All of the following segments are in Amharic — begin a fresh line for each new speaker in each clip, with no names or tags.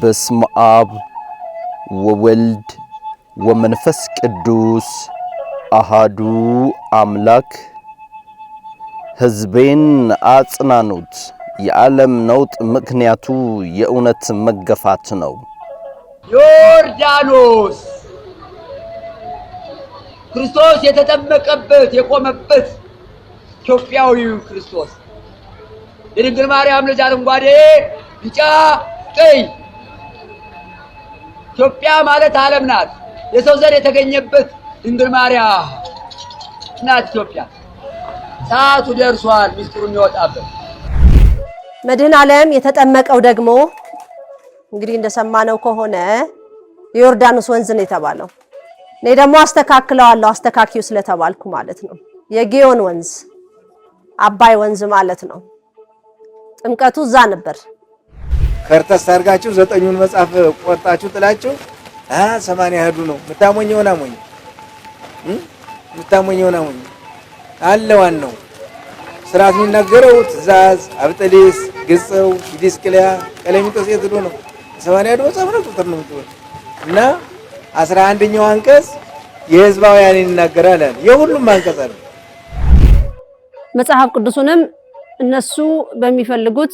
በስመ አብ ወወልድ ወመንፈስ ቅዱስ አሃዱ አምላክ። ሕዝቤን አጽናኑት። የዓለም ነውጥ ምክንያቱ የእውነት መገፋት ነው።
ዮርዳኖስ ክርስቶስ የተጠመቀበት የቆመበት ኢትዮጵያዊው ክርስቶስ የድንግል ማርያም ልጅ አረንጓዴ፣ ቢጫ፣ ቀይ ኢትዮጵያ ማለት ዓለም ናት። የሰው ዘር የተገኘበት ድንግል ማርያም ናት ኢትዮጵያ። ሰዓቱ ደርሷል ሚስጥሩ የሚወጣበት።
መድህን ዓለም የተጠመቀው ደግሞ እንግዲህ እንደሰማነው ከሆነ የዮርዳኖስ ወንዝ ነው የተባለው። እኔ ደግሞ አስተካክለዋለሁ አስተካኪው ስለተባልኩ ማለት ነው የጊዮን ወንዝ አባይ ወንዝ ማለት ነው። ጥምቀቱ እዛ ነበር።
ፈርተስ ታርጋችሁ ዘጠኙን መጽሐፍ ቆርጣችሁ ጥላችሁ አ ሰማንያ ያህዱ ነው የምታሞኘውን አሞኝ የምታሞኘውን አሞኝ አለዋን ነው ስርዓት የሚናገረው ትእዛዝ፣ አብጠሊስ፣ ግጽው፣ ዲስቅልያ፣ ቀሌምንጦስ የት ሄዶ ነው? ሰማንያ ያህዱ መጽሐፍ ነው ቁጥር ነው የምትሆን እና አስራ አንደኛው አንቀጽ የህዝባውያን ይናገራል አለ። የሁሉም አንቀጽ አለ።
መጽሐፍ ቅዱሱንም እነሱ በሚፈልጉት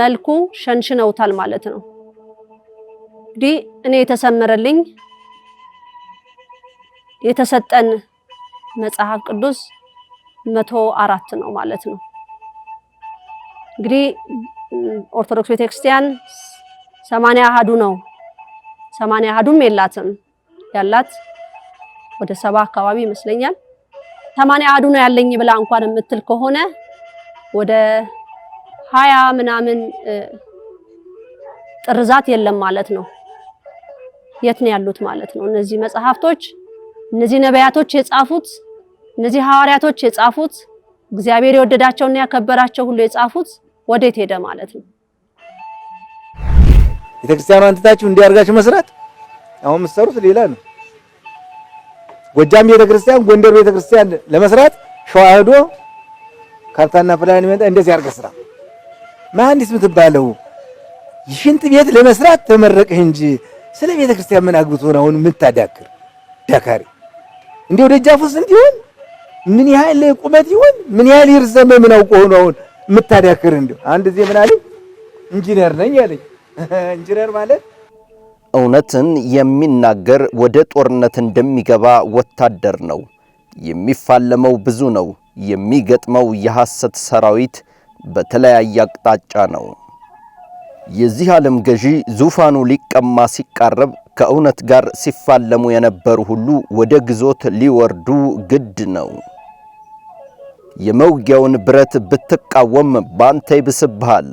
መልኩ ሸንሽነውታል ማለት ነው። እንግዲህ እኔ የተሰመረልኝ የተሰጠን መጽሐፍ ቅዱስ መቶ አራት ነው ማለት ነው። እንግዲህ ኦርቶዶክስ ቤተክርስቲያን ሰማንያ አሃዱ ነው። ሰማንያ አሃዱም የላትም ያላት ወደ ሰባ አካባቢ ይመስለኛል። ሰማንያ አሃዱ ነው ያለኝ ብላ እንኳን የምትል ከሆነ ወደ ሀያ ምናምን ጥርዛት የለም ማለት ነው። የት ነው ያሉት ማለት ነው? እነዚህ መጽሐፍቶች፣ እነዚህ ነቢያቶች የጻፉት፣ እነዚህ ሐዋርያቶች የጻፉት፣ እግዚአብሔር የወደዳቸውና ያከበራቸው ሁሉ የጻፉት ወዴት ሄደ ማለት ነው?
ቤተክርስቲያኑ አንትታችሁ እንዲያርጋችሁ መስራት አሁን የምትሰሩት ሌላ ነው። ጎጃም ቤተክርስቲያን፣ ጎንደር ቤተክርስቲያን ለመስራት ሸዋ ሄዶ ካርታና ፕላን ይመጣ እንደዚህ አርገ ስራ መሐንዲስ የምትባለው ሽንት ቤት ለመስራት ተመረቅህ እንጂ ስለ ቤተ ክርስቲያን ምን አግብቶ ነው አሁን የምታዳክር ዳካሪ? እንዲያው ደጃፉ ስንት ይሆን? ምን ያህል ቁመት ይሆን? ምን ያህል ይርዘመ? ምን አውቆ ሆኖ አሁን የምታዳክር? እንዲያው አንድ ጊዜ ምን አለኝ፣ ኢንጂነር ነኝ አለኝ። ኢንጂነር ማለት
እውነትን የሚናገር ወደ ጦርነት እንደሚገባ ወታደር ነው። የሚፋለመው ብዙ ነው። የሚገጥመው የሐሰት ሰራዊት በተለያየ አቅጣጫ ነው። የዚህ ዓለም ገዢ ዙፋኑ ሊቀማ ሲቃረብ ከእውነት ጋር ሲፋለሙ የነበሩ ሁሉ ወደ ግዞት ሊወርዱ ግድ ነው። የመውጊያውን ብረት ብትቃወም ባንተ ይብስብሃል።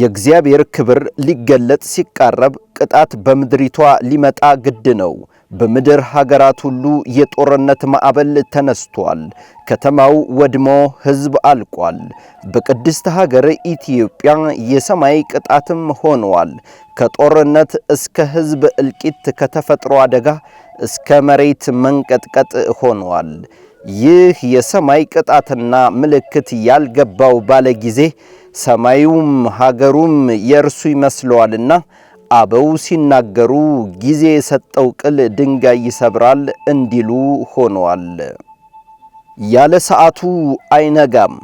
የእግዚአብሔር ክብር ሊገለጥ ሲቃረብ ቅጣት በምድሪቷ ሊመጣ ግድ ነው። በምድር ሀገራት ሁሉ የጦርነት ማዕበል ተነስቷል። ከተማው ወድሞ ሕዝብ አልቋል። በቅድስት ሀገር ኢትዮጵያ የሰማይ ቅጣትም ሆኗል። ከጦርነት እስከ ሕዝብ እልቂት፣ ከተፈጥሮ አደጋ እስከ መሬት መንቀጥቀጥ ሆኗል። ይህ የሰማይ ቅጣትና ምልክት ያልገባው ባለ ጊዜ ሰማዩም ሀገሩም የእርሱ ይመስለዋልና አበው ሲናገሩ ጊዜ የሰጠው ቅል ድንጋይ ይሰብራል እንዲሉ ሆነዋል። ያለ ሰዓቱ አይነጋም።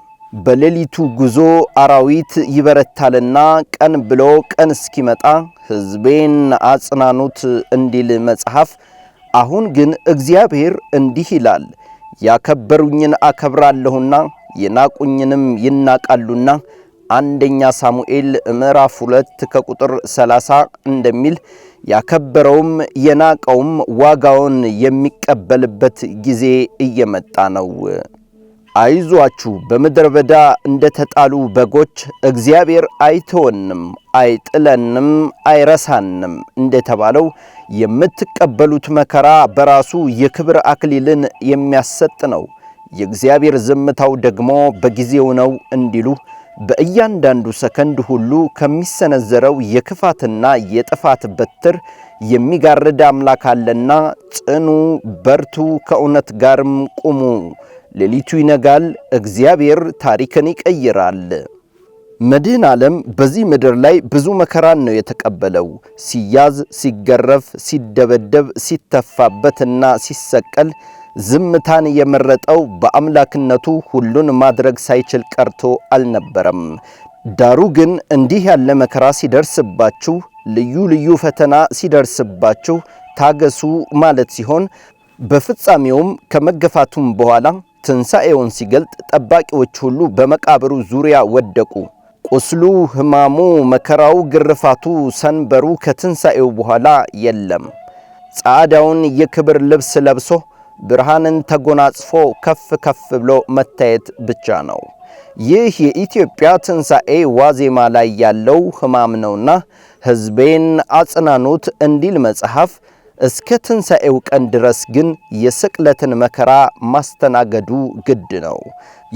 በሌሊቱ ጉዞ አራዊት ይበረታልና ቀን ብሎ ቀን እስኪመጣ ሕዝቤን አጽናኑት እንዲል መጽሐፍ። አሁን ግን እግዚአብሔር እንዲህ ይላል፣ ያከበሩኝን አከብራለሁና የናቁኝንም ይናቃሉና አንደኛ ሳሙኤል ምዕራፍ 2 ከቁጥር 30 እንደሚል ያከበረውም የናቀውም ዋጋውን የሚቀበልበት ጊዜ እየመጣ ነው። አይዟችሁ፣ በምድረ በዳ እንደተጣሉ በጎች እግዚአብሔር አይተወንም፣ አይጥለንም፣ አይረሳንም እንደተባለው የምትቀበሉት መከራ በራሱ የክብር አክሊልን የሚያሰጥ ነው። የእግዚአብሔር ዝምታው ደግሞ በጊዜው ነው እንዲሉ በእያንዳንዱ ሰከንድ ሁሉ ከሚሰነዘረው የክፋትና የጥፋት በትር የሚጋርድ አምላክ አለና ጽኑ፣ በርቱ፣ ከእውነት ጋርም ቁሙ። ሌሊቱ ይነጋል፣ እግዚአብሔር ታሪክን ይቀይራል። መድህን ዓለም በዚህ ምድር ላይ ብዙ መከራን ነው የተቀበለው። ሲያዝ፣ ሲገረፍ፣ ሲደበደብ፣ ሲተፋበትና ሲሰቀል ዝምታን የመረጠው በአምላክነቱ ሁሉን ማድረግ ሳይችል ቀርቶ አልነበረም። ዳሩ ግን እንዲህ ያለ መከራ ሲደርስባችሁ፣ ልዩ ልዩ ፈተና ሲደርስባችሁ ታገሱ ማለት ሲሆን በፍጻሜውም ከመገፋቱም በኋላ ትንሣኤውን ሲገልጥ ጠባቂዎች ሁሉ በመቃብሩ ዙሪያ ወደቁ። ቁስሉ፣ ሕማሙ፣ መከራው፣ ግርፋቱ፣ ሰንበሩ ከትንሣኤው በኋላ የለም። ጻዳውን የክብር ልብስ ለብሶ ብርሃንን ተጎናጽፎ ከፍ ከፍ ብሎ መታየት ብቻ ነው። ይህ የኢትዮጵያ ትንሣኤ ዋዜማ ላይ ያለው ሕማም ነውና ሕዝቤን አጽናኑት እንዲል መጽሐፍ እስከ ትንሣኤው ቀን ድረስ ግን የስቅለትን መከራ ማስተናገዱ ግድ ነው።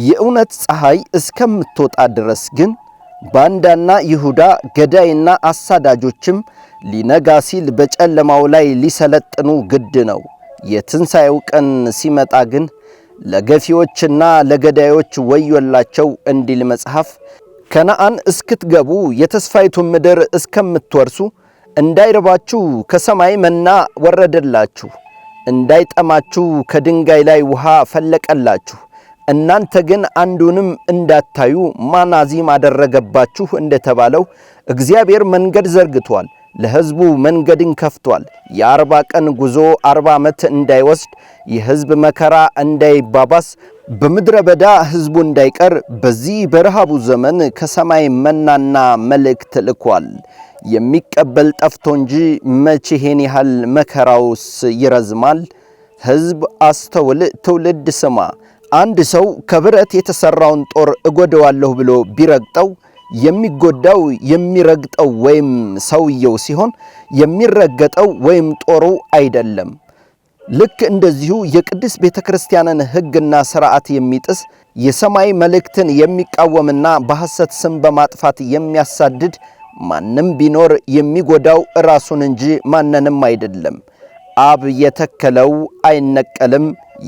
የእውነት ፀሐይ እስከምትወጣ ድረስ ግን ባንዳና ይሁዳ ገዳይና አሳዳጆችም ሊነጋ ሲል በጨለማው ላይ ሊሰለጥኑ ግድ ነው። የትንሣኤው ቀን ሲመጣ ግን ለገፊዎችና ለገዳዮች ወዮላቸው እንዲል መጽሐፍ ከነአን እስክትገቡ የተስፋይቱን ምድር እስከምትወርሱ እንዳይርባችሁ ከሰማይ መና ወረደላችሁ፣ እንዳይጠማችሁ ከድንጋይ ላይ ውሃ ፈለቀላችሁ፣ እናንተ ግን አንዱንም እንዳታዩ ማናዚም አደረገባችሁ እንደተባለው እግዚአብሔር መንገድ ዘርግቷል። ለሕዝቡ መንገድን ከፍቷል። የአርባ ቀን ጉዞ አርባ ዓመት እንዳይወስድ የህዝብ መከራ እንዳይባባስ በምድረ በዳ ሕዝቡ እንዳይቀር በዚህ በረሃቡ ዘመን ከሰማይ መናና መልእክት ልኳል። የሚቀበል ጠፍቶ እንጂ መቼ ይሄን ያህል መከራውስ ይረዝማል? ሕዝብ አስተውል፣ ትውልድ ስማ። አንድ ሰው ከብረት የተሠራውን ጦር እጎደዋለሁ ብሎ ቢረግጠው የሚጎዳው የሚረግጠው ወይም ሰውየው ሲሆን የሚረገጠው ወይም ጦሩ አይደለም። ልክ እንደዚሁ የቅድስት ቤተ ክርስቲያንን ሕግና የሚጥስ የሰማይ መልእክትን የሚቃወምና በሐሰት ስም በማጥፋት የሚያሳድድ ማንም ቢኖር የሚጎዳው ራሱን እንጂ ማንንም አይደለም። አብ የተከለው አይነቀልም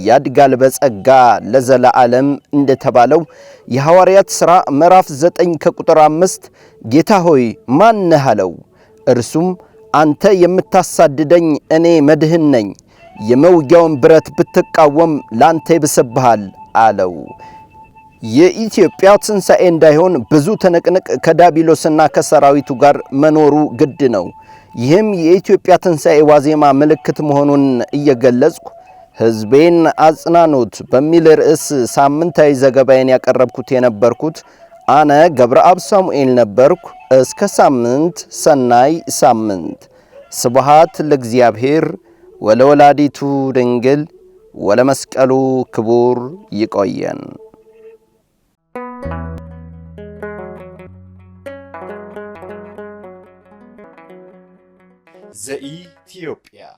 ያድጋል በጸጋ ለዘላዓለም እንደተባለው የሐዋርያት ሥራ ምዕራፍ ዘጠኝ ከቁጥር አምስት ጌታ ሆይ ማን አለው። እርሱም አንተ የምታሳድደኝ እኔ መድህን ነኝ፣ የመውጊያውን ብረት ብትቃወም ላንተ ይብስብሃል አለው። የኢትዮጵያ ትንሣኤ እንዳይሆን ብዙ ትንቅንቅ ከዳቢሎስና ከሰራዊቱ ጋር መኖሩ ግድ ነው። ይህም የኢትዮጵያ ትንሣኤ ዋዜማ ምልክት መሆኑን እየገለጽኩ ህዝቤን አጽናኑት በሚል ርዕስ ሳምንታዊ ዘገባዬን ያቀረብኩት የነበርኩት አነ ገብረአብ ሳሙኤል ነበርኩ። እስከ ሳምንት፣ ሰናይ ሳምንት። ስብሃት ለእግዚአብሔር ወለወላዲቱ ድንግል ወለመስቀሉ ክቡር። ይቆየን። ዘኢትዮጵያ